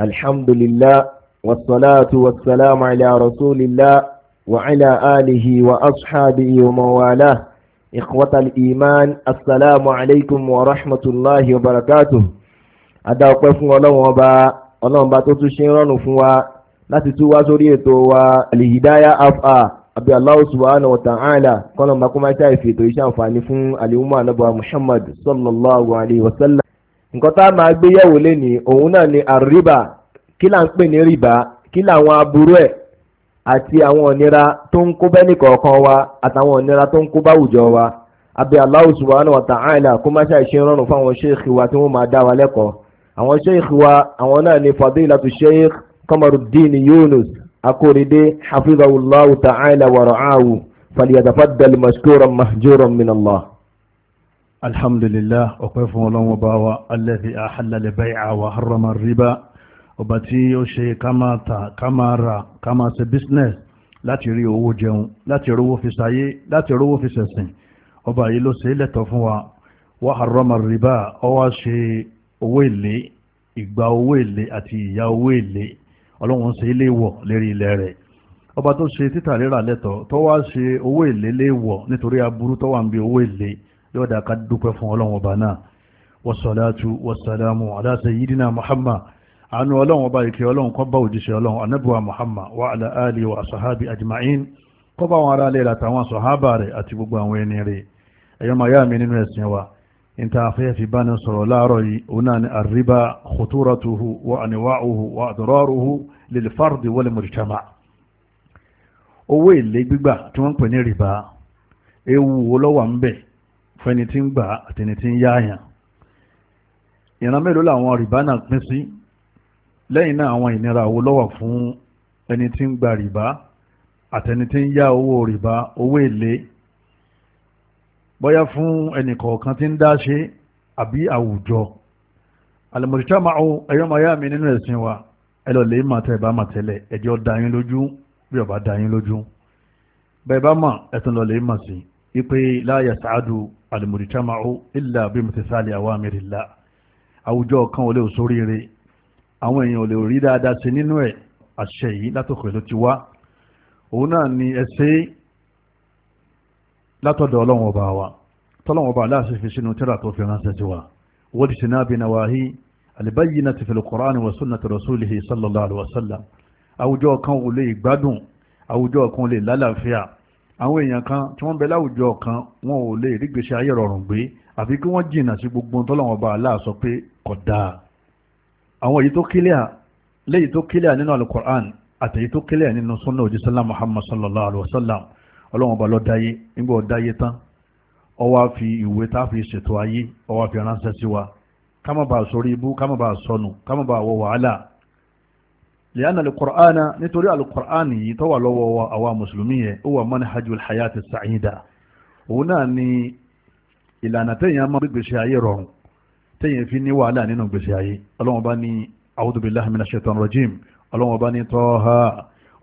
الحمد لله والصلاة والسلام على رسول الله وعلى آله وأصحابه ومن إخوة الإيمان السلام عليكم ورحمة الله وبركاته أدعوكم فún ọlọ́run ọba ọlọ́run ọba tó tún ṣe ń rọrùn fún wa láti tún wá sórí ètò wa alihidaya afa abi allah subhanahu wa ta'ala kọ́nà makoma ìfètò iṣẹ́ àǹfààní fún alimuwa anabuwa muhammad sallallahu alayhi wa sallam nǹkan tá a máa gbé yẹ̀wò lénìí òun náà ni àríbà kí là ń pè ní rìbá kí làwọn aburú ẹ̀ àti àwọn ònira tó ń kó bẹ́ẹ̀ nìkọ̀ọ̀kan wa àtàwọn ònira tó ń kó báwùjọ wa àbí Allah subhanahu wa ta'ala kó má ṣàìṣe rọrùn fáwọn ṣéèkì wa tí wọ́n máa dá wa lẹ́kọ̀ọ́ àwọn ṣéèkì wa àwọn náà ni fadilatu sheikh Kamaruddin Yunus akórèdè hafizahullahu ta'ala wa ra'ahu falyatafaddal mashkuran mahjuran min alhamdulillah ọ̀pẹ́ fún ọlọ́run ọba wa alladhi ahalla al-bay'a wa harrama ar-riba ọba tí ó ṣe ká máa tà business láti rí owó jẹun láti rówó fi ṣayé láti rówó fi ṣẹ̀sìn ọba yìí ló ṣe lẹ́tọ̀ fún wa wa harrama ar-riba ó wá ṣe owó èlé ìgbà owó èlé àti ìyá owó èlé ọlọ́run ṣe ilé wọ̀ lérí ilẹ̀ rẹ̀ ọba tó ṣe títà rírà lẹ́tọ̀ tó wá ṣe owó èlé léèwọ̀ nítorí aburú tó wà ń bi owó èlé yóò dá ká dúpẹ́ fún ọlọ́run ọba náà wasalaatu wasalamu ala sayyidina muhammad àánú ọlọ́run ọba ìkẹ́ ọlọ́run kó bá òjíṣẹ́ ọlọ́run anábùwà muhammad wa ala ali wa sahabi ajma'in kó bá wọn ará ilé rẹ̀ àtàwọn sọ̀hábà rẹ̀ àti gbogbo àwọn ẹni rẹ̀ ẹ̀yọ́ máa yá mi nínú ẹ̀sìn wa níta afẹ́fẹ́ fi bá ní sọ̀rọ̀ láàárọ̀ yìí òun náà ni àríbá khuturatuhu wa aniwa'uhu wa adraruhu lil fardi wal mujtama' owó èlé gbígbà tí wọ́n pè ní rìbá ewu olówà ń bẹ̀ fẹ́ni tí ń gbà àtẹni tí ń yáàyàn ìran mélòó làwọn rìbá náà pín sí lẹ́yìn náà àwọn ìnira wo ló wà fún ẹni tí ń gba rìbá àtẹni tí ń yá owó rìbá owó èlé bóyá fún ẹnì kọ̀ọ̀kan tí ń dá ṣe àbí àwùjọ àlùmọ̀tìtàmáwò ẹ̀yọ́mọ̀yá mi nínú ẹ̀sìn wa ẹ lọ lè máa tẹ ẹ bá máa tẹlẹ ẹjọ́ dá yín lójú bí ọba dá yín lójú bẹ́ẹ̀ bá mọ̀ ẹ̀tún lọ lè máa sí i pé láàyè sáádùú alimuritamau illa bí mùtẹ́sálì awamirillah àwùjọ kan ò lè sóríire àwọn èèyàn ò lè rí dáadáa sí nínú ẹ̀ àṣẹ yìí látọ̀kọ̀ ló ti wá òun náà ni ẹsẹ́ látọ̀dọ̀ ọlọ́run ọba wa tọ́lọ́run ọba aláàṣẹ fi sínú tíra tó fi ránṣẹ́ sí wa wọ́n ti sin náà bí nawahi albayyinati fil Qur'ani wa sunnati rasulihi sallallahu alaihi wa sallam àwùjọ kan ò lè gbádùn àwùjọ kan ò lè lálàáfíà àwọn èèyàn kan tí wọ́n bẹ láwùjọ kan wọn ò lè rí gbèsè ayé rọrùn gbé àfi kí wọ́n jìnnà sí gbogbo tọ́lọ́wọ́n bá aláà sọ pé kò dáa àwọn èyí tó kílíà léyìí tó kílíà nínú alukur'an àtẹ̀yí tó kílíà nínú sunna òjísọ́lá muhammad sallallahu alayhi wa sallam ọlọ́wọ́n bá lọ dáyé nígbà ó dáyé tán ó wá fi ìwé tá a fi ṣètò ayé ó wá fi ránṣẹ́ sí wa ká má bàa sórí ibú ká má lẹ́yìn alukur'ana nítorí alukur'ani yìí tó wà lọ́wọ́ wa àwa mùsùlùmí yẹn ó wà manhajul hayati sa'ida òun náà ni ìlànà téèyàn máa gbé gbèsè ayé rọrùn téèyàn fi ní wàhálà nínú gbèsè ayé ọlọ́wọ́n bá ní a'udhu billahi minash shaitanir rajim ọlọ́wọ́n bá ní tọ́ha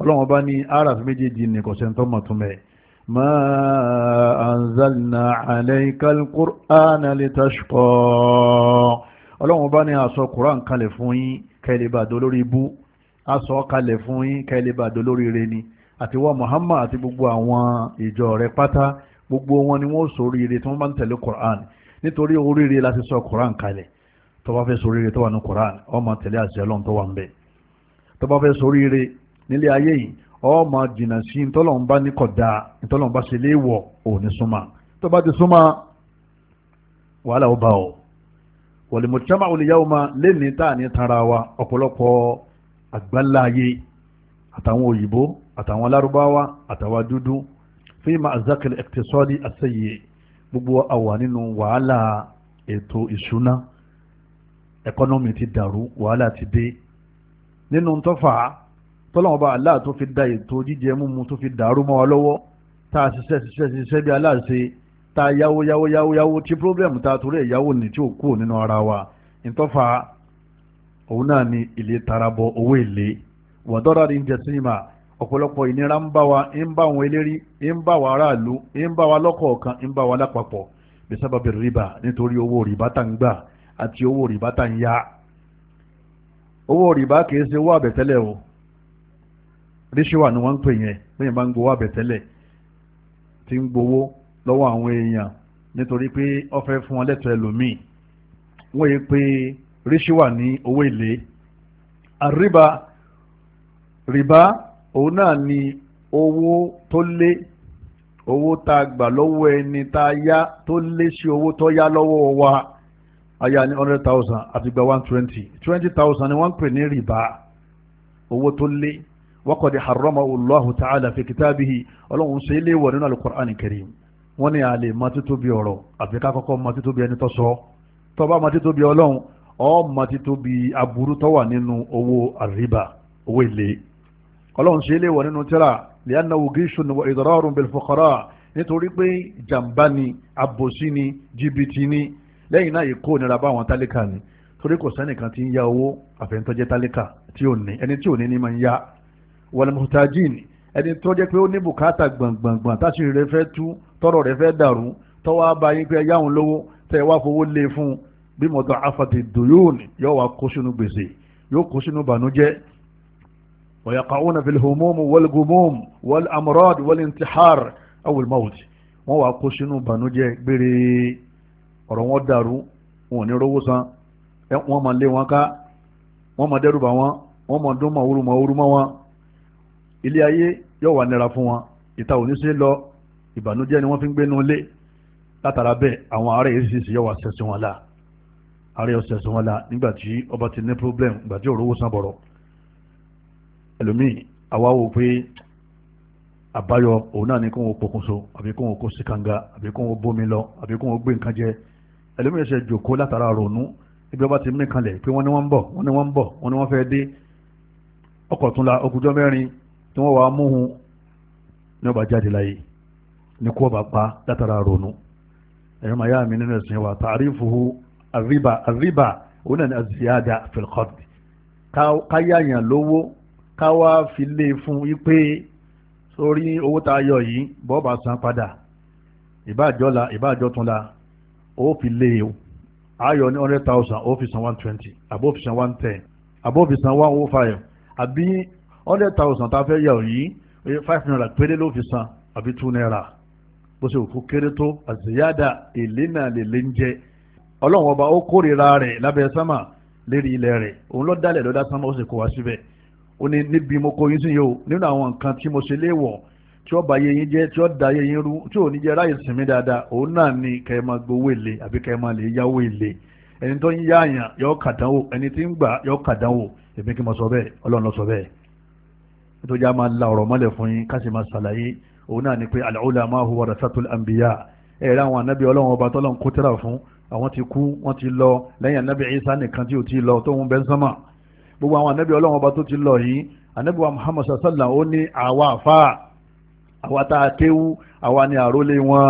ọlọ́wọ́n bá ní araf méjèèjì ní kọ̀sẹ̀ntọ́ mọ̀túnmẹ́ ọlọ́wọ́n bá ní àsọ kùrán kalẹ̀ fún yín kẹ́lẹ́ bá dolórí bú a sọ kalẹ̀ fún yín kẹlẹ́bà dolóríire ni àti wá Muhammad àti gbogbo àwọn ìjọ rẹ̀ pátá gbogbo wọn ni wọ́n sóríire tí wọ́n bá ń tẹ̀lé Quran nítorí oríire láti sọ Quran kalẹ̀ tó bá fẹ́ sóríire tó wà ní Quran ó máa tẹ̀lé àṣẹ Ọlọ́run tó wà ń bẹ̀ tó bá fẹ́ sóríire nílé ayé yìí ó máa jìnnà sí ntọ́lọ́run bá ní kódà ntọ́lọ́run bá ṣe léèwọ̀ òní súnmọ́ tó bá ti súnmọ́ wàhálà ó bá ọ wal mujtama'u al yawma lẹ́ni tá à ní tanra wa ọ̀pọ̀lọpọ̀ àgbáláyé àtàwọn òyìnbó àtàwọn alárúbáwá àtàwọn dúdú fi ma azakil ẹ̀kẹ́sọ́ọ́dì àṣeyẹ gbogbo àwa nínú wàhálà ètò ìṣúná ẹkọ́nọ́mì ti dàrú wàhálà ti dé nínú tọ́fà tọ́lọ́wọ́n bá aláà tó fi da ètò jíjẹ múmu tó fi dàrú mọ́ wa lọ́wọ́ tá a ṣiṣẹ́ ṣiṣẹ́ ṣiṣẹ́ bí aláàṣe tá a yáwó yáwó yáwó yáwó tí pírọ́blẹ̀mù tá a torí ẹ̀ yáwó ní tí ò kúrò nínú ara wa ìtọ́fà òun náà ni ilé tarabọ owó èlé wàdọ́rà ní jẹsìmà ọ̀pọ̀lọpọ̀ ìnira ń bá wa ń bá àwọn eléré ń bá wa aráàlú ń bá wa lọ́kọ̀ọ̀kan ń bá wa lápapọ̀ bí sábàbí rìbá nítorí owó rìbá tá ń gbà àti owó rìbá tá ń yá owó rìbá kìí ṣe owó àbẹ̀tẹ́lẹ̀ o Rishuwa ni wọ́n ń pè yẹn bẹ́ẹ̀ bá ń gbowó àbẹ̀tẹ́lẹ̀ ti ń gbowó lọ́wọ́ àwọn èèyàn nítorí pé ó fún wọn lẹ́tọ̀ọ́ wọ́n pé ríṣíwà ní owó èlé àríbá rìbá òun náà ni owó tó lé owó tá a gbà lọ́wọ́ ẹni tá a yá tó lé sí owó tó yá lọ́wọ́ wa aya ní hundred thousand àti gba one twenty twenty thousand ni wọ́n ń pè ní rìbá owó tó lé waqad harramahu Allahu ta'ala fi kitabihi ọlọ́run ṣe ilé wọ̀ nínú al-Qur'an wọ́n ní a lè mọ ọ̀rọ̀ àbíká kọ́kọ́ mọ títóbi ẹni tó sọ tọ́ba mọ títóbi ọlọ́run ọmọ títóbi aburú tó wà nínú owó àríbà owó èlé ọlọ́run ṣe léwọ̀ nínú tíra lianahu gishun wa idrarun bil fuqara nítorí pé jàǹbá ni àbòsí ni jìbìtì ni lẹ́yìn náà yìí kó nira báwọn tálíkà ni torí kò sẹ́nìkan tí ń ya owó àfẹ́ntọ́jẹ́ tálíkà tí ò ní ẹni tí ò ní ní máa ń ya wal muhtajin ẹni tó jẹ́ pé ó ní bùkátà gbọ̀ngbọ̀ngbọ̀n táṣì rẹ fẹ́ tú tọrọ rẹ fẹ́ dàrú tọ́wọ́ bá yín pé yáwọn lówó tẹ́ wá fowó lé fún bí mọ̀tọ́ afati dòyóòní yóò wá kó sínú gbèsè yóò kó sínú bànújẹ́ wàyàkàwọ́nà filhomomu wàlgùmọ́mù wàlámọ́rọ́dì wàlíntìhár awolmawut wọ́n wá kó sínú bànújẹ́ gbére ọ̀rọ̀ wọn dàrú wọn ò ní rówó san wọ́n máa lé wọn ká wọ́n máa dẹ́rù bà wọn wọ́n máa dún màwúrú màwúrú mọ́ wọn ilé ayé yóò wá nira fún wọn ìta ò lọ ìbànújẹ́ ni wọ́n fi gbénu lé látara bẹ́ẹ̀ àwọn ará èsì yóò wá sẹ́sìn wọn láà ààrẹ ọ̀sẹ̀ sọ wọn la nígbà tí ọba ti ní problem nígbà tí òróró sàn bọ̀rọ̀ ẹlòmíì àwa wò pé àbáyọ òun náà ni kóun pokùnso àbí kóun kó síkanga àbí kóun bómi lọ àbí kóun gbé nǹkan jẹ ẹlòmíì ṣe jòkó látara ronú ibi ọba ti mí kanlẹ̀ pé wọ́n ní wọ́n ń bọ̀ wọ́n ní wọ́n ń bọ̀ wọ́n ní wọ́n fẹ́ dé ọkọ̀ tún la okùnjọ́ mẹ́rin tí wọ́n wàá múhun ní ọba jáde láyé ní kó ọba pa látara ronú ẹ̀yọ́ màá mi nínú ẹ̀sìn wa tààrífù àríbà àríbà òun náà ni aziyada filkọ́d káyàyàn lówó káwá fi lé e fún wípé sórí owó tá a yọ yìí bọ́ọ̀bà san padà ìbáàjọ́la ìbáàjọ́túnla ó fi lé o e. ayọ̀ ní hundred thousand ó fi san one twenty àbó fi san one ten àbó fi san one oh five àbí hundred thousand tá a fẹ́ yọ yìí five naira péré ló fi san àbí two naira bó ṣe òkú kéré tó àzìyáda èlé náà lè lé ń jẹ́ ọlọ́run ọba ó kórìíra rẹ̀ lábẹ́ sámà lérí ilẹ̀ rẹ̀ òun ló dálẹ̀ ló dá sámà ó sì kó wá síbẹ̀ ó ní níbi mo kó yín sí yìí o nínú àwọn nǹkan tí mo ṣe léèwọ̀ tí ó bà yé yín jẹ́ tí ó da yé yín rú tí ò ní jẹ́ ráyè sinmi dáadáa òun náà ni kẹ́ ẹ máa gbowó èlé àbí kẹ́ ẹ máa lè yáwó èlé ẹni tó ń yá àyàn yọ kàdánwò ẹni tí ń gbà yọ kàdánwò èmi kí mo sọ bẹ́ẹ̀ ọlọ́run ló sọ bẹ́ẹ̀ nítorí àwọn ti kú wọ́n ti lọ lẹ́yìn anabi isa nìkan tí ò ti lọ tó ń bẹ́ sánmà gbogbo àwọn anabi ọlọ́wọ́n ọba tó ti lọ yìí anabi wa muhammad sallam ó ní àwa àfa àwa tá a kéwú àwa ni àrólé wọn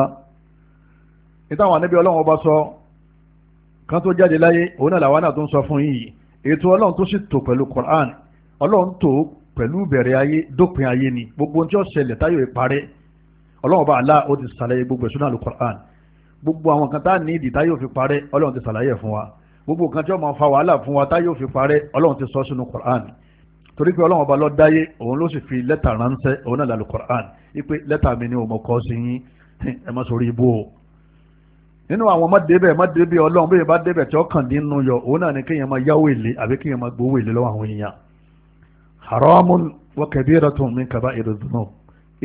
nítawọn anabi ọlọ́wọ́n ọba sọ kan tó jáde láyé òun náà làwọn náà tó ń sọ fún yìí ètò ọlọ́run tó sì tò pẹ̀lú quran ọlọ́run tó pẹ̀lú bẹ̀rẹ̀ ayé dópin ayé ni gbogbo ohun tí ó ṣẹlẹ̀ táyọ̀ ìparẹ́ ọlọ́run bá àlá ó ti sàlàyé gbogbo ẹ̀sùn náà lu quran gbogbo àwọn kan tá a ní ìdí tá yóò fi parẹ́ ọlọ́run ti ṣàlàyé fún wa gbogbo kan tí ó máa fa wàhálà fún wa tá yóò fi parẹ́ ọlọ́run ti sọ sínú Qur'an torí pé ọlọ́run ọba ló dáyé òun ló sì fi lẹ́tà ránṣẹ́ òun náà lálù Qur'an ipe lẹ́tà mi ni òun kọ́ sí yín ẹ má sórí ibú o nínú àwọn mọ́débẹ̀ mọ́débẹ̀ ọlọ́run bẹ́ẹ̀ bá débẹ̀ tí ó kàn dín nínú yọ òun náà ni kéèyàn máa yáwó èlé àbí kéèyàn máa gbowó èlé lọ́wọ́ àwọn èèyàn haramun wa kabiratun min kaba'ir dhunub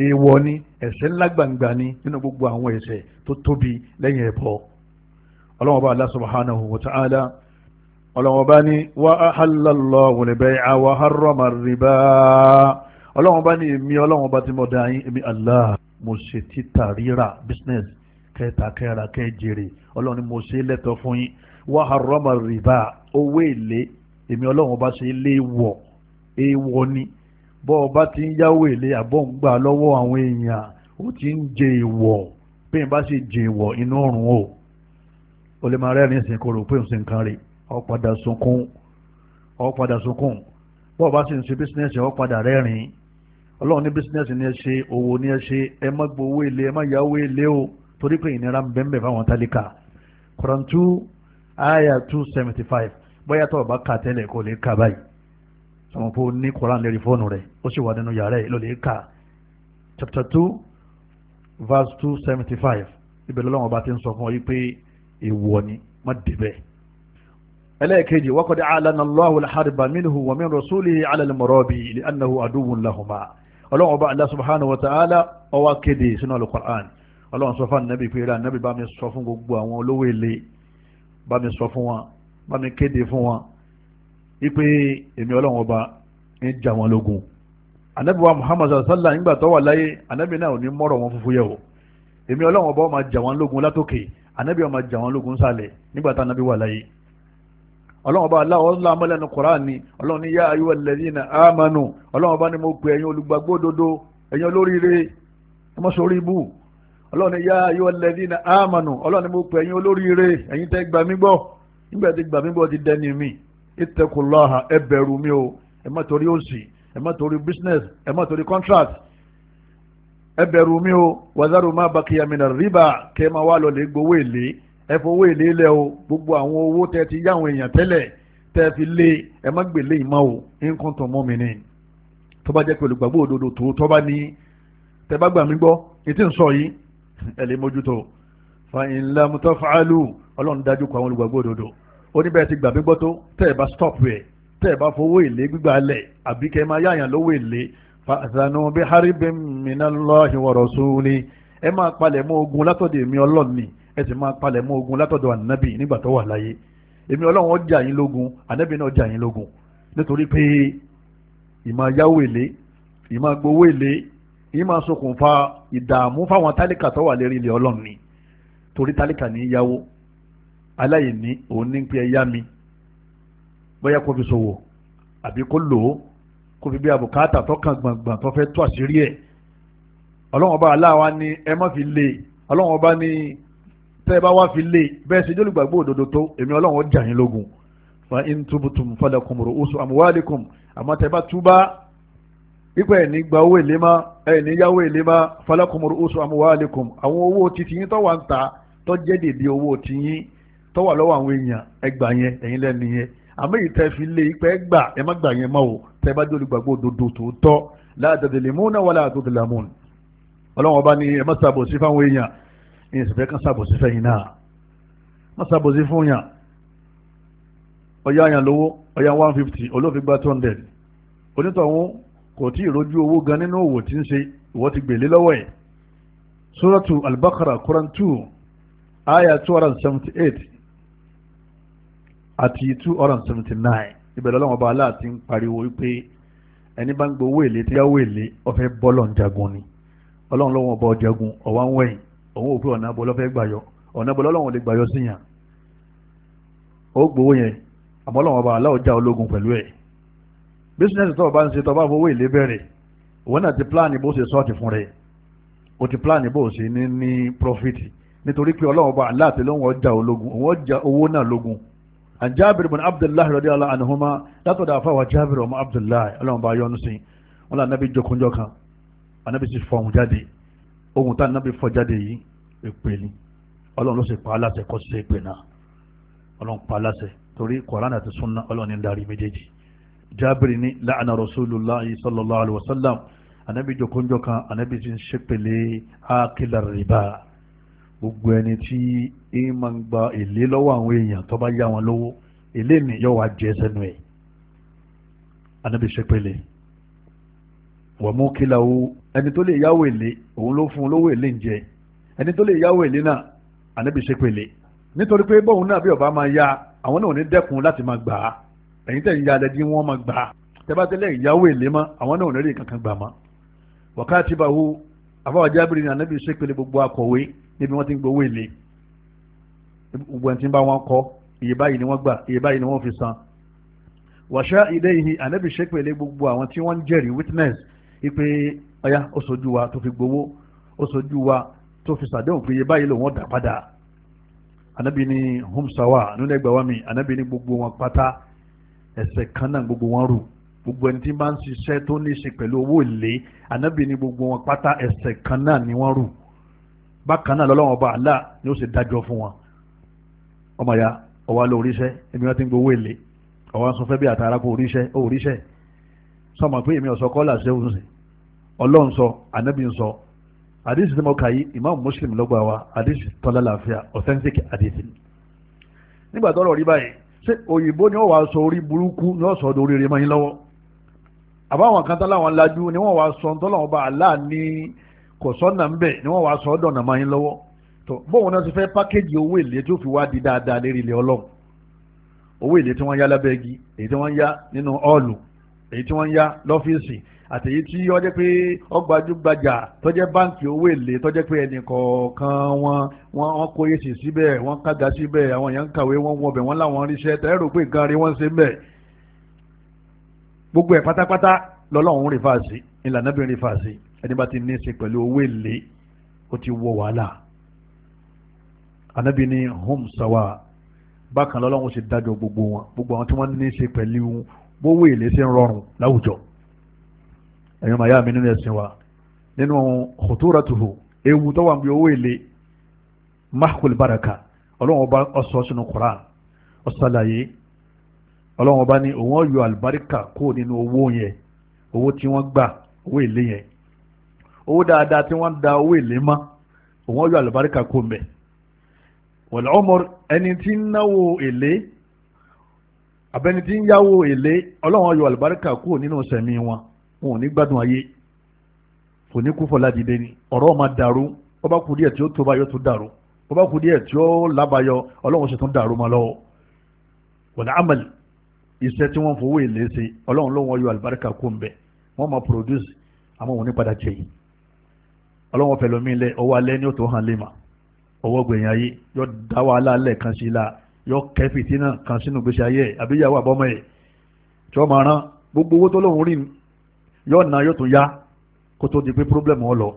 èèwọ̀ ni ẹ̀ṣẹ̀ ńlá gbangba ni nínú gbogbo àwọn ẹ̀ṣẹ̀ tó tóbi lẹ́yìn ẹbọ ọlọ́wọ́n bá Allah subhanahu wa ta'ala ọlọ́wọ́n bá ní wa ahallallahu al-bay'a wa harrama ar-riba ọlọ́wọ́n bá ní èmi ọlọ́wọ́n bá ti mọ̀ dá yín èmi Allah mo ṣe títà rírà business kẹta kẹra kẹ jèrè ọlọ́wọ́n ni mo ṣe lẹ́tọ̀ fún yín wa harrama ar-riba owó èlé èmi ọlọ́wọ́n bá ṣe léèwọ̀ èèwọ̀ ni bọ́ ọba ti ń yáwó èlé àbọ̀ ń gbà lọ́wọ́ àwọn èèyàn ó ti ń jẹ ìwọ̀ pé n bá sì jẹ ìwọ̀ inú ọ̀run o ó lè máa rẹ́rìn sí koro pé n sì ń kan rè ọ sunkún ọ sunkún bọ́ ọba sì ń ṣe bísínẹ́sì ọ rẹ́rìn ọlọ́run ní bísínẹ́sì ni ẹ ṣe owó ni ẹ ṣe ẹ má gbowó èlé ẹ má yáwó èlé o torí pé ìnira ń bẹ́ẹ̀ fáwọn tálíkà Quran two ayah two seventy five bóyá tó o bá kà tẹ́lẹ̀ kò lè kà báyìí sọmọ pé ó ní koran lérí fóònù rẹ̀ ó sì wà nínú yàrá ẹ̀ ló lè kà chapter two verse two seventy five ibẹ̀ lọ́wọ́ ọba ti ń sọ fún ọ yìí pé èèwọ̀ ni má débẹ̀. ẹlẹ́ẹ̀kejì waqad a'lana Allahu al-harba minhu wa min rasulihi 'ala al-marabi lahuma ọlọ́wọ́ ọba Allah subhanahu wa ta'ala ó wá sínú al-Qur'an ọlọ́wọ́ sọ fún anabi pé anabi bá mi sọ fún gbogbo àwọn olówó ilé bá mi sọ fún wọn bá mi kéde fún wọn wípé èmi ọlọ́run ọba ń jà wọn lógun anabi wa muhammad sallallahu nígbà tó wà láyé anabi náà ò ní mọ́rọ̀ wọn fúnfún yẹ̀ wò èmi ọlọ́run ọba máa jà wọn lógun látòkè anabi máa jà wọn lógun sálẹ̀ nígbà tá anabi wà láyé ọlọ́run ọba aláwọ̀ ńlá amọ́lẹ́nu kùránì ọlọ́run ní yá ayúwẹ̀ lẹ́yìnà ámánu ọlọ́run ọba ni mo pè ẹ̀yin olùgbàgbọ́ òdodo ẹ̀yin olóríire ẹ má sọ orí ibú ọlọ́run ní yá ayúwẹ̀ lẹ́yìnà ámánu ọlọ́run ni mo pè ẹ̀yin olóríire ẹ̀yin tẹ́ gbàmígbọ́ nígbà tí gbàmígbọ́ ti dẹ́ni mi ìtẹ̀kùláhà ẹ bẹ̀rù mi o ẹ má torí òsì ẹ má torí business ẹ má torí contract eberumio bẹ̀rù mi o riba má bàkìyà mi nà ele kẹ́ ẹ má o gbogbo àwọn owo tẹ ti yá àwọn èèyàn tẹ́lẹ̀ tẹ fi lé ẹ má gbèlé ìmọ̀ o nǹkan tó mọ́ mi ni tó bá jẹ́ pẹ̀lú gbàgbọ́ òdodo tó tó bá ní tẹ bá gbà mí yìí ẹ lè mójútó fa in lam taf'alu ọlọ́run dájú kọ àwọn olùgbàgbọ́ òdodo oníbẹ̀ ti gbàgbé gbọ́ tó tẹ́ ẹ̀ bá stop rẹ̀ tẹ́ ẹ̀ bá fowó èlé gbígbà lẹ̀ àbí kẹ́ ẹ máa yáyàn lówó èlé fàzànù bí haribin minallahi wa rasuli ẹ máa palẹ̀ mọ́ ogun látọ̀dọ̀ èmi ọlọ́run ni ẹ sì máa palẹ̀ mọ́ ogun látọ̀dọ̀ ànábì nígbà tó wà láyé èmi ọlọ́run ọjà yín lógun ànábì náà ọjà yín lógun nítorí pé ìmọ̀ yáwó èlé ìmọ̀ gbowó èlé ìmọ̀ ṣokùnfà ìdààmú fáwọn tálíkà tó wà lérí ilẹ̀ ọlọ́run ni torí tálíkà ní yáwó aláìní òun ní pé ẹyá mi bóyá kó fi ṣòwò àbí kó lò ó kó fi bí àbùkátà tó kàn gbàngbàn tó fẹ́ tó àṣírí ẹ̀ ọlọ́run ọba aláwa ni ẹ má fi lè ọlọ́run ọba ni tẹ́ ẹ bá wá fi lè bẹ́ẹ̀ ṣe jólùgbàgbọ́ òdodo tó èmi ọlọ́run ó yín lógun fa in tubutum falakum ru'usu amuwalikum àmọ́ tẹ́ ẹ bá túbá ipa ẹ̀ ní gba owó èlé má ẹ̀ ní yáwó èlé má falakum ru'usu amwalikum àwọn owó titi yín tó wà ń ta tó jẹ́ dèdè owó tiyín tó wà lọ́wọ́ àwọn èèyàn ẹgbà yẹn ẹ̀yin lẹ́nu yẹn àmọ́ èyí tẹ́ fi lé ipẹ́ gbà ẹ má gbà yẹn mọ́ o tẹ́ bá dóòlù gbàgbọ́ òdodo tòótọ́ láàdàdìlímúnà wà láàdàdìlámún ọlọ́run ọba ni ẹ má ṣàbòsí fáwọn èèyàn ìyẹn sì fẹ́ kán ṣàbòsí fẹ́yìn náà má ṣàbòsí fún yàn ọ̀yá yàn lówó ọ̀yá one fifty olófin gba two hundred onítọ̀hún kò tí ì rojú owó gan nínú òwò tí ń ṣe ìwọ́ ti gbèlé lọ́wọ́ ẹ̀ suratu al-Baqarah Quran two ayah two hundred and seventy eight àti two hundred seventy nine ìbẹ̀rẹ̀ ọlọ́run ọba aláàtí ń pariwo wípé ẹni bá ń gbowó èlé tí yáwó èlé ọ̀fẹ́ bọ́lọ̀ ń jagun ni ọlọ́run lọ́wọ́ ọba ọ̀jagun ọ̀wá ń wẹ̀yìn òun ò pé ọ̀nà abọ́ lọ́fẹ́ gbàyọ ọ̀nà abọ́ lọ́wọ́ lè gbàyọ sí yàn ó gbowó yẹn àmọ́ ọlọ́run ọba aláwọ̀ já ológun pẹ̀lú ẹ̀ bísíǹnẹ́sì tó o bá ń ṣe tó o bá fowó èlé bẹ̀rẹ̀ òun náà ti pláàni bó ṣe sọ́ọ̀tì fún rẹ̀ o ti pláàni bó ṣe ní ní profit nítorí pé ọlọ́run ọba aláàtì lóhun ọjà ológun òun ọjà owó náà lógun an jabir bin abdullah radiyallahu anhuma látọ̀dọ̀ àfáwà jabir ọmọ abdullah ọlọ́run bá yọ́nú sí wọn là nábì jokunjọ kan anábì sì fọ ohun jáde ohun tá nábì fọ jáde yìí èpè ni ọlọ́run ló sì pa aláṣẹ kọ́ sí èpè náà ọlọ́run pa aláṣẹ torí koran àti sunna ọlọ́run ní darí méjèèjì jabir ní la'ana rasulullah sallallahu alaihi wasallam anábì jokunjọ kan anábì sì ń ṣépele ákìlà rìbá gbogbo ẹni tí ń máa ń gba èlé lọ́wọ́ àwọn èèyàn tó bá yá wọn lówó èlé ni yóò wá jẹ sẹ́nu ẹ̀ anábì sẹ́pẹ̀lẹ̀ wọ́n mú kí làwọ ẹni tó lè yáwó èlé òun ló fún un lówó èlé ń jẹ ẹni tó lè yáwó èlé náà anábì sẹ́pẹ̀lẹ̀ nítorí pé bóun náà bí ọba máa ya àwọn náà ò ní dẹ́kun láti máa gbà á ẹ̀yin tẹ̀ ń ya alẹ́dí wọ́n máa gbà á tẹ́bátẹ́lẹ̀ ìyáwó èlé mọ́ àwọn náà ò ní rí kankan gbà mọ́ wákàtí bá wo àfọwọ́jábìrin anábì sẹ́pẹ̀lẹ̀ gbogbo akọ̀wé níbi wọ́n ti ń gbowó èlé gbogbo ẹni tí ń bá wọn kọ́ iye báyìí ni wọ́n gbà iye báyìí ni wọ́n fi san wàṣà ilé yìí ànábì ṣépèlé gbogbo àwọn tí wọ́n ń jẹ́rìí witness ipe ọya ó sojú wa tó fi gbowó ó sojú wa tó fi sàdéhùn pé iye báyìí lòun ọ̀dà padà ànábì ni humsawa nínú ẹgbàá wa mi ànábì ni gbogbo wọn pátá ẹsẹ̀ kan náà gbogbo wọn rù gbogbo ẹni tí bá ń ṣiṣẹ́ tó ní í ṣe pẹ̀lú owó èlé ànábì ni gbogbo wọn pátá ẹsẹ̀ kan náà ni wọ́n bákan náà lọ́lọ́wọ́n ọba àlá ni ó sì dájọ́ fún wọn ọmọ ya ọwá ló oríṣẹ́ èmi wọn ti ń gbowó èlé ọwá ń sọ fẹ́ bí àtàrà kó oríṣẹ́ ó oríṣẹ́ sọmọ pé èmi ọ̀sọ́ kọ́là ṣe òun sìn ọlọ́run sọ ànábì ń sọ àdìsí tí mo kà yìí imam muslim lọ́gbà wa àdìsí tọ́lá làáfíà authentic àdìsí nígbà tọ́rọ̀ rí báyìí ṣé òyìnbó ni wọ́n wá sọ orí burúkú ni wọ́n sọ ọdún oríire mọ́ yín lọ́wọ́ àbáwọn kan tán láwọn lajú ni wọ́n wá sọ tọ́lọ́wọ́n bá àlá ní kò sọ na mbẹ ni wọn wàá sọ ọ́ na máa ń lọ́wọ́ tó bóun náà ti fẹ́ pákéjì owó èlé tí ó fi wá di dáadáa lérí ilé ọlọ́run owó èlé tí wọ́n yá lábẹ́ èyí tí wọ́n yá nínú ọ́ọ̀lù èyí tí wọ́n yá lọ́fíìsì àti èyí tí ó pé ọgbàjúgbajà báǹkì owó èlé pé ẹnì wọn kó wọn kága gbogbo pátápátá rí ìlànà bí ẹni bá ti ní í ṣe pẹ̀lú owó èlé ó ti wọ wàhálà anabi ni hum sawa bákan lọ́lọ́run ṣe dájọ́ gbogbo wọn gbogbo àwọn tí wọ́n ní í ṣe pẹ̀lú bówó èlé ṣe ń rọrùn láwùjọ ẹ̀yin ọmọ ayá mi nínú ẹ̀sìn wa nínú kòtòrọ̀tòhò ewu tó wà ń bí owó èlé mahkul baraka ọlọ́run ọba ọ̀sọ́ sínú Quran ọ̀sàlàyé ọlọ́run ọba ní òun ọ̀yọ́ àlùbáríkà kó nínú owó yẹn owó tí wọ́n gbà owó èlé yẹn owó dáadáa tí wọ́n da owó èlé mọ́ òun yọ àlùbáríkà kó mbẹ̀ wal umur ẹni tí ń náwó èlé abẹni tí ń yáwó èlé ọlọ́run yọ àlùbáríkà kúrò nínú sẹ̀mí wọn wọn ò ní gbádùn ayé kò ní kú fọlá dìde ni ọ̀rọ̀ máa dàrú ó bá kú díẹ̀ tí ó tó bá yọ tó dàrú ó bá kú díẹ̀ tí ó lábàáyọ ọlọ́run ṣe tún dàrú mọ́ lọ́wọ́ wọ̀nà amẹ̀lì iṣẹ́ tí wọ́n fowó èlé ṣe ọlọ́run ló àlùbáríkà kúrò ń bẹ̀ wọ́n máa produce àmọ́ wọn ní padà jẹ̀yìn ọlọ́wọ́n fẹ̀ lómi lẹ ọwọ́ alẹ́ ni ó tó hàn lè mà ọwọ́ gbẹ̀yìn ayé yọ dá wàhálà alẹ́ kan sí la yọ kẹ́ fìtínà kan sínú gbèsè ayé ẹ̀ àbíyàwó àbọ́mọ ẹ̀ tí wọ́n máa rán gbogbo owó tó lóun rí yọ na yóò tún yá kó tó di pé pírọ́blẹ̀mù ọ lọ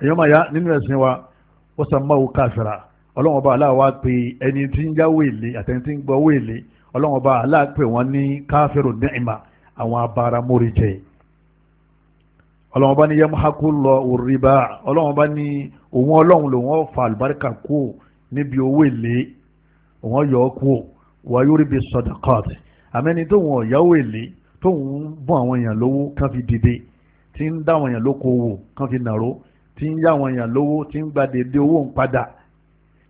èèyàn máa yá nínú ẹ̀sìn wa ó sàn máa wò káfíra ọlọ́wọ́n bá aláwa pe ẹni tí ń yáwó èlé àtẹni tí ń gbọ́ owó èlé ọlọ́wọ́n bá aláà pè wọ́n ní káfíro ìmà àwọn abáramórí jẹ́ yìí ọlọ́wọ́n bá ní yamhaku Allahu riba ọlọ́wọ́n bá ní òun ọlọ́run lòun fa àlùbáríkà kú níbi owó èlé òun yọ ọ́ kú wa yurbi sadaqat àmẹ́ni tóun ọ̀yáwó èlé tóun ń bọ́ àwọn èèyàn lówó kán fi dìde tí ń dá àwọn èèyàn lóko wò kán fi nàró tí ń yá àwọn èèyàn lówó tí ń gba dèdè owó ń padà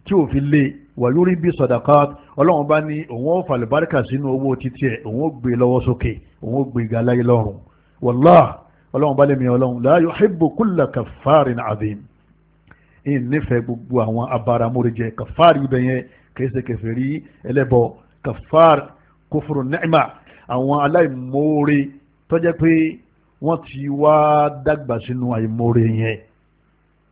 tí ò fi lé wa yurbi sadaqat ọlọ́run bá ní òun ọlọ́run bá lè mi ọlọ́run la yuhibbu kulla kàfàrin azim ìnífẹ̀ẹ́ gbogbo àwọn abáramórejẹ kàfàrí ibẹ̀ yẹn kẹsẹ̀ kèfèrí ẹlẹ́bọ kàfàr kófòrò nẹ́ẹ̀mà àwọn aláìmoore tọ́jẹ́ pé wọ́n ti wá dàgbà sínú àìmoore yẹn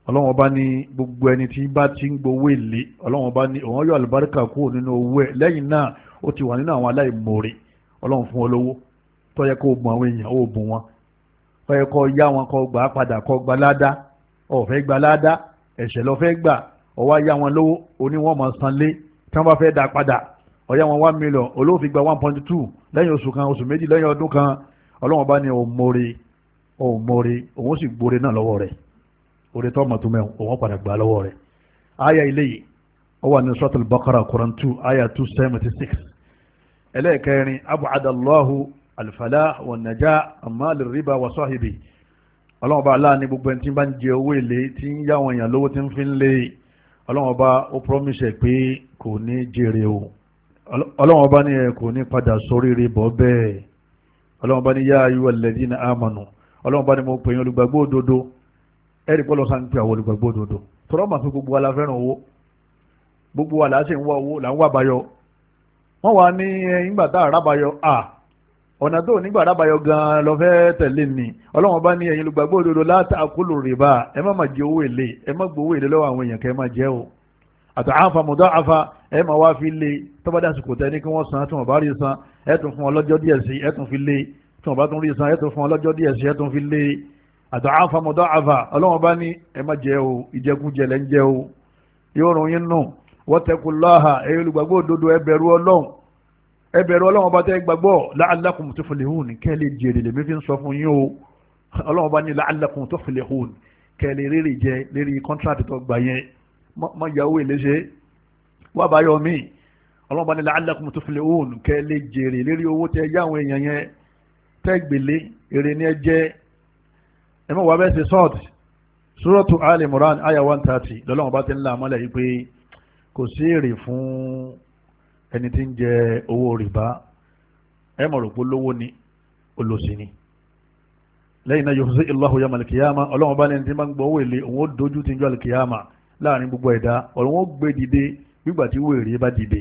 ọlọ́run bá ní gbogbo ẹni tí bá ti ń gbowó èlé ọlọ́run bá ní òun yọ àlùbáríkà kúrò nínú owó ẹ̀ lẹ́yìn náà ó ti wà nínú àwọn aláìmoore ọlọ́run fún ọ tọ́jẹ́ kó o bùn àwọn èèyàn ó bùn wọn fẹ́ kọ́ yá wọn kọ́ gbà á padà kọ́ gba ládá ọ̀fẹ́ gba ládá ẹ̀ṣẹ̀ lọ fẹ́ gbà ọwọ́ yá wọn lówó oní wọn máa san lé tí wọ́n bá fẹ́ dá padà ọ̀yá wọn one million olóòfin gba one point two lẹ́yìn oṣù kan oṣù méjì lẹ́yìn ọdún kan ọlọ́wọ́n bá ní òun mórè òun mórè òun sì gbórè náà lọ́wọ́ rẹ̀ òde tó mọ̀tún mẹ́wọ̀n òun padà gbà lọ́wọ́ rẹ̀ aya ilé yìí ó wà ní suratul Baqara Quran two two seventy six ẹlẹ́ẹ̀kẹrin abu adallahu al-falah wan-najah amma lir-riba wa sahibi ọlọ́run ọba aláàánú gbogbo ẹni tí bá ń jẹ owó èlé tí ń yá àwọn èèyàn lówó tí ń fi ń lé ọlọ́run ọba ó promise pé kò ní jèrè o ọlọ́run ọba ní ẹ kò ní padà sóríire bọ́ bẹ́ẹ̀ ọlọ́run ọba ní yá ayúwà lẹ́dínà àmànù ọlọ́run ọba ní mo pè yín olùgbàgbọ́ òdodo ẹ̀rí pọ́lọ́ sáà ń pè àwọn olùgbàgbọ́ òdodo tọ́lọ́ mà fún gbogbo wa la owó gbogbo wa là ń wá owó là ń wá àbáyọ wọ́n wà ní ìgbà tá àràbáyọ à ọ̀nà tó nígbà rábàyọ gan-an lọ fẹ́ tẹ̀lé ni ọlọ́run bá ní ẹ̀yin olùgbàgbọ́ òdodo láti àkólò rìbá ẹ má máa jẹ owó èlé ẹ má gbowó èlé lọ́wọ́ àwọn èèyàn kẹ́ ẹ má jẹ́ o àtọ̀ àǹfà mọ̀dọ́ àǹfà ẹ máa wá fi lé tọ́bádà àsìkò tẹ ní kí wọ́n san tí wọ́n bá rí san ẹ tún fún ọlọ́jọ́ díẹ̀ sí ẹ tún fi lé tí wọ́n bá tún rí san ẹ tún fún ọlọ́jọ́ díẹ̀ sí ẹ tún fi lé àtọ̀ àǹfà mọ̀dọ́ àǹfà ọlọ́run bá ní ẹ má jẹ o ìjẹkújẹ ń jẹ o yóò rún yín nù wọ́n tẹkùn láhà ẹ̀yin olùgbàgbọ́ òdodo ẹ bẹ̀rù ọlọ́run ẹ bẹ̀rù ọlọ́run bá tẹ́ gbàgbọ́ la'allakum tuflihun kẹ́ lè jèrè lèmi fi ń sọ fún yín o ọlọ́run bá ní la'allakum tuflihun kẹ́ lè rírì jẹ lérí kọ́ńtrátì tó gbà yẹn mọ yahoo eléṣe wà bá yọ mí ọlọ́run bá ní la'allakum tuflihun kẹ́ lè jèrè lérí owó tẹ yá àwọn èèyàn yẹn tẹ́ gbèlé èrè ni ẹ jẹ ẹ mọ̀ wá bẹ́ẹ̀ ṣe sọ́ọ̀tì suratu Ali aya one thirty lọ́lọ́run ẹni tí ń jẹ owó rìbá ẹ mọ̀ rò pé lówó ni olóṣì ni lẹ́yìn náà yóò ṣe ìlọ́hu yamma alikiyama ọlọ́run bá ní ẹni tí máa ń gbọ́ owó èlé òun ó dojú ti ń jọ alikiyama láàrin gbogbo ẹ̀dá ọ̀run ó gbé dìde gbígbà tí wèrè bá dìde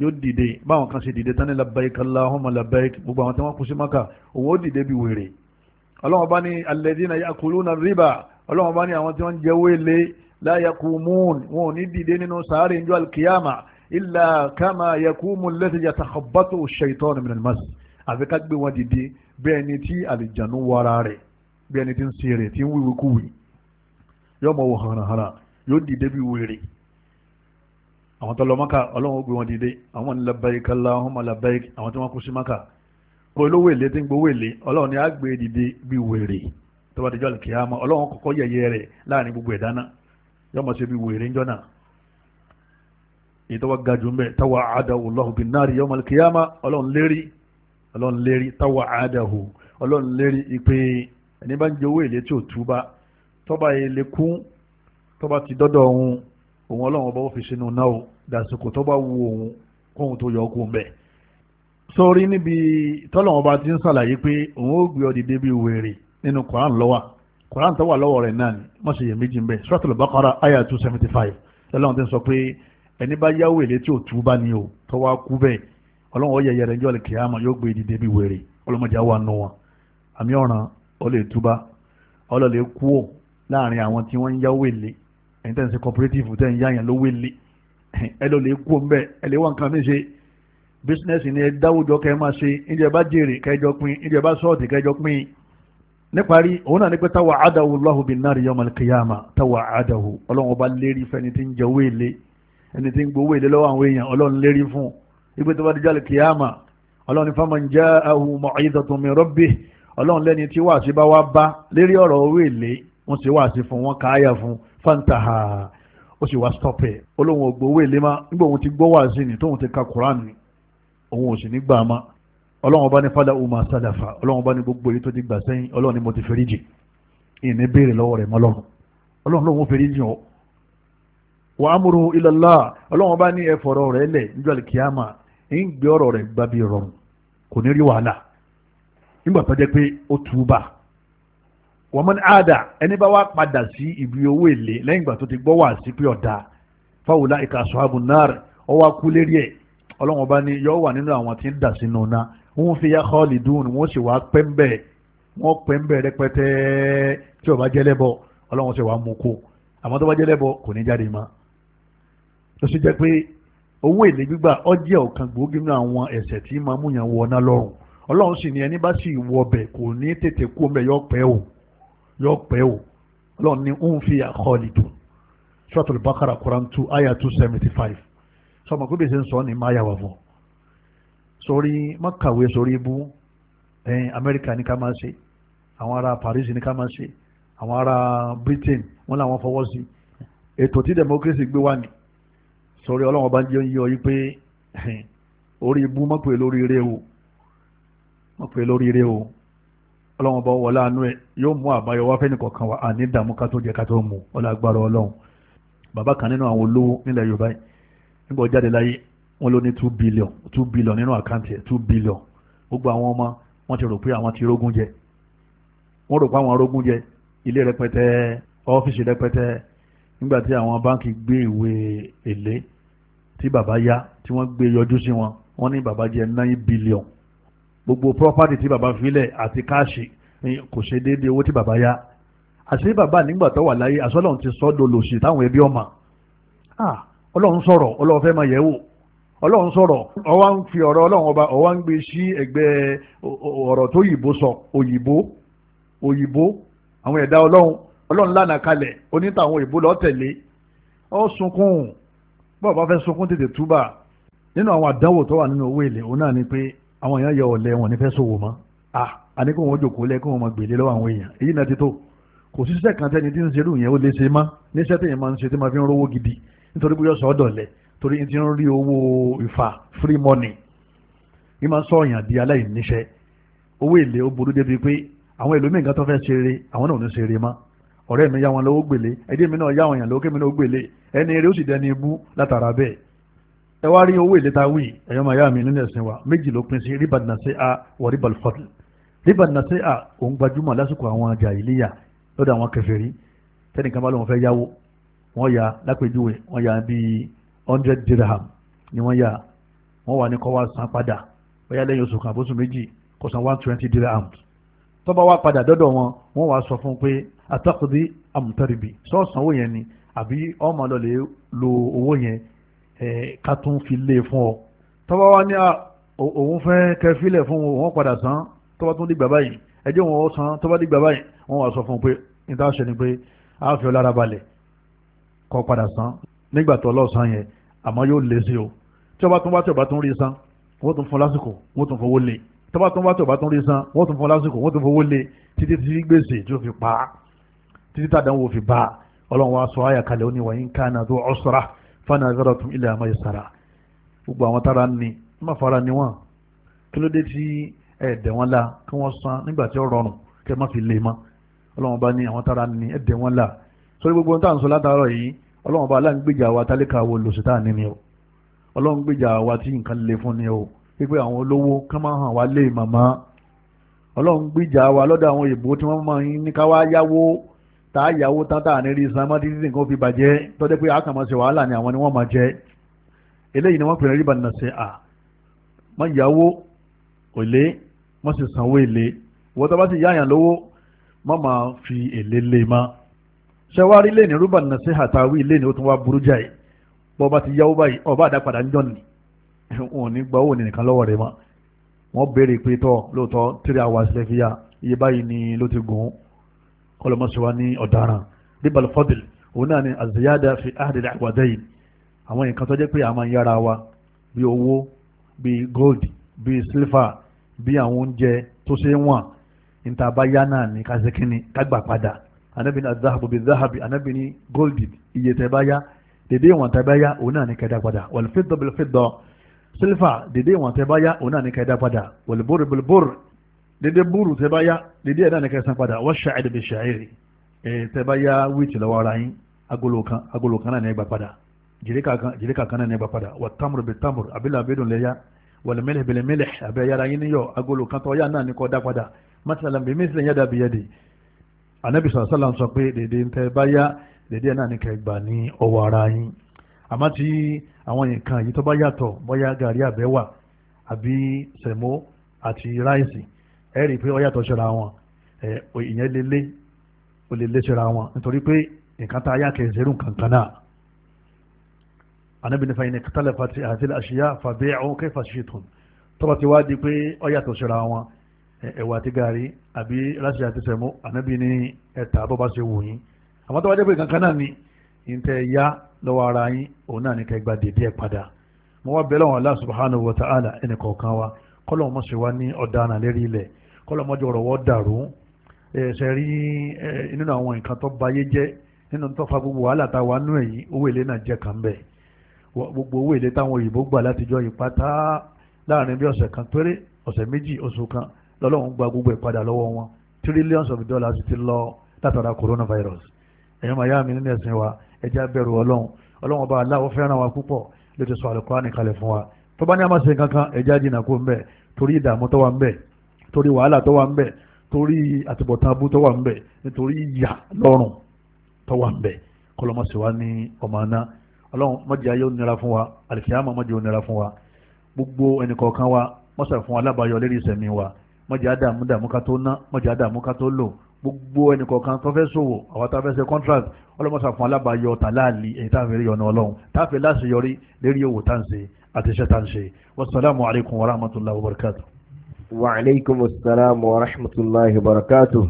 yóò dìde báwọn kan ṣe dìde tani labbaik Allahumma labbaik gbogbo àwọn tí wọ́n kú sí maka òun ó dìde bí wèrè ọlọ́run bá ní alladhina yakuluna riba ọlọ́run bá ní àwọn tí wọ́n ń jẹ owó èlé la wọn ò ní dìde nínú sàárè ń jọ alikiyama illa kama yakumu alladhi yatakhabbatu ash-shaytanu min al-mas àfi ká gbé wọn dìde bí ẹni tí àlìjànú wara rẹ̀ bí ẹni tí ń ṣe rẹ̀ tí ń wíwí kúwì yóò mọ̀ wò hànàhànà yóò dìde bí wèrè àwọn tó lọ maka ọlọ́run ó gbé wọn dìde àwọn ní labbaik Allahumma labbaik àwọn tí wọ́n kú sí maka kó olówó èlé tí ń gbowó èlé ọlọ́run ni á gbé e dìde bí wèrè tó bá dijọ́ àlùkìyàmọ́ ọlọ́run kọ́kọ́ yẹ̀yẹ́ rẹ̀ láàrin gbogbo ẹ̀dáná yóò mọ̀ ṣe bí wèrè ńjọ́ náà ìtawà gajù ń bẹ̀ tawà àdáhù Allahu bin nari yawmal qiyama ọlọ́run lérí ọlọ́run lérí tawà àdáhù ọlọ́run lérí ìpè ẹni bá ń jẹ owó èlé tí ò túbá tọ́ba èlé kún tọ́ba ti dọ́dọ̀ òun òun ọlọ́run ọba ó fi sínú náà o dàsìkò tọ́ba wu òun kóhun tó yọ ọkùn bẹ́ẹ̀. sọ́ọ́rí níbi tọ́lọ́run ọba ti ń ṣàlàyé pé òun ó gbé ọ dìde wèrè nínú Quran lọ́wà Quran tó wà lọ́wọ́ rẹ̀ náà ni má méjì ń bẹ̀ Suratul Baqara ayah seventy five tọ́lọ́run ti ń sọ pé ẹni bá yáwó èlé tí ò tú ba ni o tó wá kú bẹ́ẹ̀ ọlọ́run ọ̀yẹ̀ yẹrẹ ní ọ̀lẹ̀ kìámà yóò gbé e dìde bí wèrè ọlọ́mọdé àwọn àna wọn àmì ọ̀ràn ọlẹ̀ túbá ọlọ́lẹ̀ kú ò láàrin àwọn tí wọ́n ń yáwó èlé ẹni tẹ́ ń ṣe cooperative tẹ́ ń yá yẹn lówó èlé ẹ lọ lè kú ẹ lè ni ẹ dáwùjọ kẹ máa ṣe ba bá jèrè kẹjọ pin bá sọ́ọ̀tì kẹjọ níparí ẹni tí ń gbowó èlé lọ́wọ́ àwọn èèyàn ọlọ́run lérí fún ibi tó bá dé jálè kìyàmà ọlọ́run ní fáwọn jẹ́ ahùn mọ̀ọ́yìntàn mi rọ́bì ọlọ́run lẹ́ni tí wàásí bá wá bá lérí ọ̀rọ̀ owó èlé wọ́n ti wàásí fún wọn káyà fún fantaha ó sì wá stop ẹ̀ olóhùn ògbó owó èlé má nígbà òun ti gbọ́ wàásí ni tóun ti ka Quran ni òun ò sì ní gbà má ọlọ́run bá ní fada umma sadafa ọlọ́run bá ní gbogbo èyí tó ti gbà sẹ́yìn ọlọ́run ni mo ti fẹ́ríjì ìní béèrè lọ́wọ́ rẹ̀ mọ́lọ́run ọlọ́run lòun fẹ́ríjì ọ́ wà á múru ilàlá ọlọ́run bá ní ẹ̀fọ̀rọ̀ rẹ̀ lẹ̀ níjọ́ àlìkíyàmà ń gbé ọ̀rọ̀ rẹ̀ gbà bí rọrùn kò ní rí wàhálà nígbà tó jẹ́ pé ó túbà wọ́n mọ́ ní àdà ẹni bá wá padà sí ibi owó èlé lẹ́yìn ìgbà tó ti gbọ́ wà sí pé ọ̀dà fáwọlá ìka sọ́hábù náà rẹ̀ ọ wá kú lérí ẹ̀ ọlọ́run ọba ni yọ wà nínú àwọn tí ń dà sínú náà wọ́n fi yá họ́ọ̀lì dùn wọ́n sì wá pẹ́ńbẹ́ wọ́n pẹ́ńbẹ́ rẹpẹtẹ tí ó jẹ́lẹ́bọ ọlọ́run sì wá mú kó àmọ́ tó bá jẹ́lẹ́bọ kò ní jáde mọ́ tó sì jẹ́ pé owó èlé gbígbà ó jẹ́ ọ̀kan gbòógì nínú àwọn ẹ̀ṣẹ̀ tí máa mú yàn wọ ọ̀nà lọ́rùn ọlọ́run sì ní ẹni bá sì wọ ọbẹ̀ kò ní tètè kú ọmọ yọ pẹ́ o yọ pẹ́ o ọlọ́run ní ń fi khalidun Suratul Baqara Quran two ayah two seventy five sọmọ pé bèsè ń sọ ni máa yà wà fún sórí mọ́kàwé sórí ibú ẹ̀yìn Amẹ́ríkà ní ká máa ṣe àwọn ará Paris ni ká máa ṣe àwọn ará Britain wọ́n làwọn fọwọ́ sí ètò tí democracy gbé wá ni sọ̀rọ̀ ọlọ́run ọba jẹ́ yíyọ yí pé orí ibú mọ́ pé lórí ire o mọ́ pé lórí ire o ọlọ́run ọba wọlé àánú ẹ̀ yóò mú àbáyọ wá fẹ́ni kọ̀ọ̀kan wa àní ìdààmú ká tó jẹ ká tó mú ọlágbára ọlọ́run bàbá kan nínú àwọn olówó nílẹ̀ yorùbá yìí nígbà jáde láyé wọn ló ní two billion two billion nínú àkáǹtì ẹ̀ two billion gbogbo àwọn ọmọ wọn ti rò pé àwọn ti rógún jẹ wọn rò pé àwọn rógún jẹ ilé rẹpẹtẹ ọ́fíìsì rẹpẹtẹ nígbà tí àwọn báńkì gbé ìwé èlé tí bàbá yá tí wọ́n gbé yọjú sí wọn wọ́n ní bàbá jẹ nine billion gbogbo property tí bàbá filẹ̀ àti káàṣì eh, kò ṣe déédéé owó tí bàbá yá àṣé bàbá nígbà tó wà láyé àṣọlọ́run ti sọ́ dolòṣì táwọn ẹbí ọmọ ọlọ́run sọ̀rọ̀ ọlọ́run fẹ́ máa yẹ̀ wò ọlọ́run sọ̀rọ̀ ọwá ń fi ọ̀rọ̀ ọlọ́run ọba ọwá ń gbé sí ẹgbẹ́ ọ̀rọ̀ tó yìnbó sọ òyìnbó òyìnbó àwọn ẹ̀dá ọlọ́run ọlọ́run lánàá kalẹ̀ onítàwọn òyìnbó lọ́tẹ̀lé ó sunkún bọ́ọ̀ bá fẹ́ sunkún tètè túbà nínú àwọn àdánwò tó wà nínú owó èlé òun náà ni pé àwọn èèyàn yọ ọ̀lẹ wọn ní fẹ́ sòwò mọ́ à àní kí wọ́n jòkó lẹ́ kí wọ́n máa gbèlé lọ́wọ́ àwọn èèyàn èyí náà ti tó kò sí iṣẹ́ kan tẹ́ni tí ń ṣerú yẹn ó lè ṣe má níṣẹ́ tẹ̀yìn máa ń ṣe tí máa fi ń rówó gidi nítorí pé yọ sọ ọ́dọ̀ lẹ̀ torí ti ń rí owó ìfà free money ní máa ń sọ ọ̀yàn di aláìníṣẹ́ owó èlé ó burú débi pé àwọn ẹlòmíì nǹkan tó fẹ́ ṣeré àwọn náà ò ní ṣeré má ọ̀rẹ́ mi yá wọn lówó gbèlé ẹdí mi náà yá wọn yàn lówó kémi náà gbèlé ẹni eré ó sì dẹni ibú látara bẹ́ẹ̀ ẹ wá rí owó ìlẹ́ta wí ẹ̀yọ́ máa yá mi nínú ẹ̀sìn wa méjì ló pín sí ríbà nàṣẹ́à wà ríbà fọ́tì ríbà nàṣẹ́à òun gbajúmọ̀ lásìkò àwọn jàhílíyà lọ́dọ̀ àwọn kèfèrí tẹ́nìkan bá lóun fẹ́ yáwó wọ́n ya lápèjúwe wọ́n ya bíi hundred dirham ni wọ́n ya wọ́n wà ní kọ́ wá san padà wọ́n yá lẹ́yìn oṣù kan àbóṣù méjì kó san one twenty dirham tọ́ba wá padà dọ́dọ̀ wọn wọ́n wá sọ fún pé àtàkùdí àmùtárìbì sọ́ọ̀sán owó yẹn ni àbí ọmọ lọ lè lo owó yẹn ká tún fi lé e fún ọ tọ́wọ́ wá ní òun fẹ́ kẹfílẹ̀ fún wọn padà san tọ́wọ́ tún dìgbà báyìí ẹjọ́ wọn ó san tọ́wọ́ dìgbà báyìí wọn wà sọ fún un pé níta ṣe ni pé a fi ọ lára balẹ̀ kọ́ padà san nígbà tó ọlọ́sàn yẹn àmọ́ yóò lé sí o tí ọba tún bá tí ọba tún rí san wọ́n tún fún lásìkò wọ́n tún fowó lé tọ́ba tún bá tí ọba tún rí san wọ́n tún fún lásìkò wọ́n tún fowó lé títí tí gbèsè tí ó fi pa títí tàdánwò fi bá a ọlọ́run wa sọ àyà kalẹ̀ ó ní wàyí kana dhu usra fanadharatun ila maysara gbogbo àwọn tára ni má fara ni wọn kí ló dé tí ẹ̀ẹ́dẹ̀ wọn la kí wọ́n san nígbà tí ó rọrùn kẹ́ má fi lè mọ́ ọlọ́run bá ní àwọn tára ni ẹ̀ẹ́dẹ̀ wọn la sórí gbogbo ohun tá à ń sọ látàárọ̀ yìí ọlọ́run bá aláǹgbèjà wa tálíkà wo lòsítà ni ni o ọlọ́run wa tí nǹkan le fún ni o pípé àwọn olówó kán máa hàn wá lé màmá ọlọ́run wa lọ́dọ̀ àwọn òyìnbó tí wọ́n máa ń ní ká wá yáwó tá a yàwó tátà ní rí sanmọ́ títí nǹkan fi bàjẹ́ tọ́jẹ́ pé àkàmọ́ wàhálà ni àwọn ni wọ́n máa jẹ́ eléyìí ni wọ́n pèrè ríbà nà ṣe à mọ́ yàwó òlé mọ́ sì sanwó èlé ìwọ́n tó bá sì yáyàn lówó mọ́ máa fi èlé lé e ma ṣé wàá rí lẹ́ni rúbà nà àtàwí lẹ́ni ó tún wá burú jáì bọ́ bá ti yáwó báyìí ọba àdápadà ń jọ ni wọn ò ní gba owó nìkan lọ́wọ́ rẹ̀ mọ́ wọ́n béèrè pé tọ́ lóòótọ́ tírí àwa sílẹ̀ fìyà iye báyìí ni ló ti gùn kọlọmọsíwá ní ọ̀daràn bíbal fọdìl òun náà ni àzìyáda fi áhàdìlẹ àwàdẹyìn àwọn nǹkan tó jẹ́ pé a máa wa bí owó bí gold bí silver bí àwọn oúnjẹ tó ṣe wọn níta bá yá náà ní kásìkínní kágbà padà anábìíní azahabu bíi zahabi anábìíní gold iye tẹ bá yá dèdè ìwọ̀n tẹ bá yá òun náà ní kẹdà padà wal fidda bil fidda silver dèdè ìwọ̀n tẹ bá yá òun náà ní kẹdà padà wal burr bil burr dédé búrú tẹ́ bá yá dédé ẹ̀dá nìkan san padà wọ́n ṣàìdì bí ṣàìrì tẹ́ bá yá wíìtì lọ́wọ́ ara yín agolo kan agolo kan náà ní ẹgbà padà jìríkà kan jìríkà kan náà ní ẹgbà padà wà támùrù bí támùrù àbílẹ̀ àbídùn lè yá wàlẹ̀ mẹ́lẹ̀ bẹ̀lẹ̀ mẹ́lẹ̀ àbẹ̀ yára yín níyọ̀ agolo kan tọ́ yá náà ní kọ́ dá padà mọ́tàlá bí mísìlẹ̀ yá dàbí yẹ́dì anabi sàlá sọ pé dédé tẹ́ bá yá dédé náà ní kẹgbà ní ọwọ́ ara yín ẹ rí i pé ó yàtọ̀ síra wọn ìyẹn lè lé ó lè lé síra wọn nítorí pé nǹkan tá a yá kẹ̀ zẹ́rù kankan náà anabi nífa yìí ni kátàlẹ̀ fati àti àṣìyá fàbí àwọn kẹfà ṣètùn tọ́ba ti wá di pé ó yàtọ̀ síra wọn ẹ̀wà àti gàrí àbí ráṣíà àti sẹ̀mú anabi ní ẹ̀ta bọ́ba ṣe wù yín àmọ́ tọ́ba jẹ́ pé kankan náà ni ìtẹ̀ ya lọ́wọ́ ara yín òun náà ní kẹgbà dèdí ẹ̀ padà mo wá bẹ̀rẹ̀ wọn Allah subhanahu wa ẹnì kọ̀ọ̀kan wa kọ́lọ́wọ́n mọ̀ ṣe wá ní ọ̀daràn lérí ilẹ̀ kọ́lọ́mọdé ọ̀rọ̀ wọ́n dàrú ẹ̀ṣẹ̀ rí nínú àwọn nǹkan tó bayé jẹ́ nínú tó fa gbogbo wàhálà tá a wà nú ẹ̀yìn owó èlé náà jẹ́ kàn bẹ́ẹ̀ gbogbo owó èlé táwọn òyìnbó gbà látijọ́ ìpátá láàrin bí ọ̀sẹ̀ kan péré ọ̀sẹ̀ méjì oṣù kan lọ́lọ́run gba gbogbo ìpadà lọ́wọ́ wọn trillions of dollars ti lọ látara coronavirus ẹ̀yin máa yá mi nínú ẹ̀sìn wa ẹja bẹ̀rù ọlọ́run ọlọ́run ọba aláwọ̀ fẹ́ràn wa púpọ̀ lè ti sọ àlùkò ànìkalẹ̀ fún wa tó bá ní a máa ṣe nǹkan kó ń bẹ̀ torí ìdààmú tó wà ń bẹ̀ torí wàhálà tó wà ń bẹ̀ torí àtibọ̀tán abú tó wà ń bẹ̀ nítorí ìyà lọ́rùn tó wà ń bẹ̀ kọlọmọsí wa ní ọmọ aná ọlọ́run mọ́jì ayé ó nira fún wa àlìkíyàmọ̀ mọ́jì ó nira fún wa gbogbo ẹnìkọ̀ọ̀kan wa mọ́sà fún alábàáyọ lérí ìsẹ̀mí wa mọ́jì ádámù dàmú ká tó ná mọ́jì ádámù ká tó lò gbogbo ẹnìkọ̀ọ̀kan tó fẹ́ sòwò àwọn tá a fẹ́ ṣe contract ọlọ́mọsà fún alábàáyọ tàláàlì èyí tá a fi rí ọ̀nà ọlọ́run tá a fi láṣeyọrí lérí òwò tá à ń ṣe àti tá à ń ṣe wasalaamu alaykum wa wa aleykum salaam wa rahmatulahi wa barakatu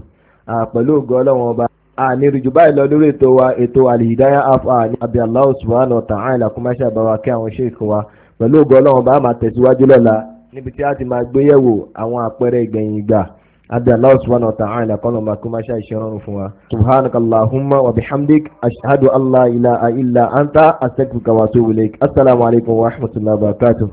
pẹ̀lú ògo ọlọ́wọ́n ọba àníríjú báyìí lọ lórí ètò wa ètò alìhídáyà afa ní abi Allah subhanahu wa ta'ala kó má ṣàbáwá kí àwọn ṣèkọ wa pẹ̀lú ògo ọlọ́wọ́n ọba máa tẹ̀síwájú lọ́la níbi tí a ti máa gbé yẹ̀wò àwọn àpẹẹrẹ ìgbẹ̀yìn ìgbà abi Allah subhanahu wa ta'ala kọ́ lọ́mọ kó má ṣe ìṣẹ́rọ̀rùn fún wa. subhanaka allahumma wa bihamdik ashhadu an la ilaha illa anta astaghfiruka wa atubu ilaik assalamu alaykum wa rahmatullahi wa barakatuh.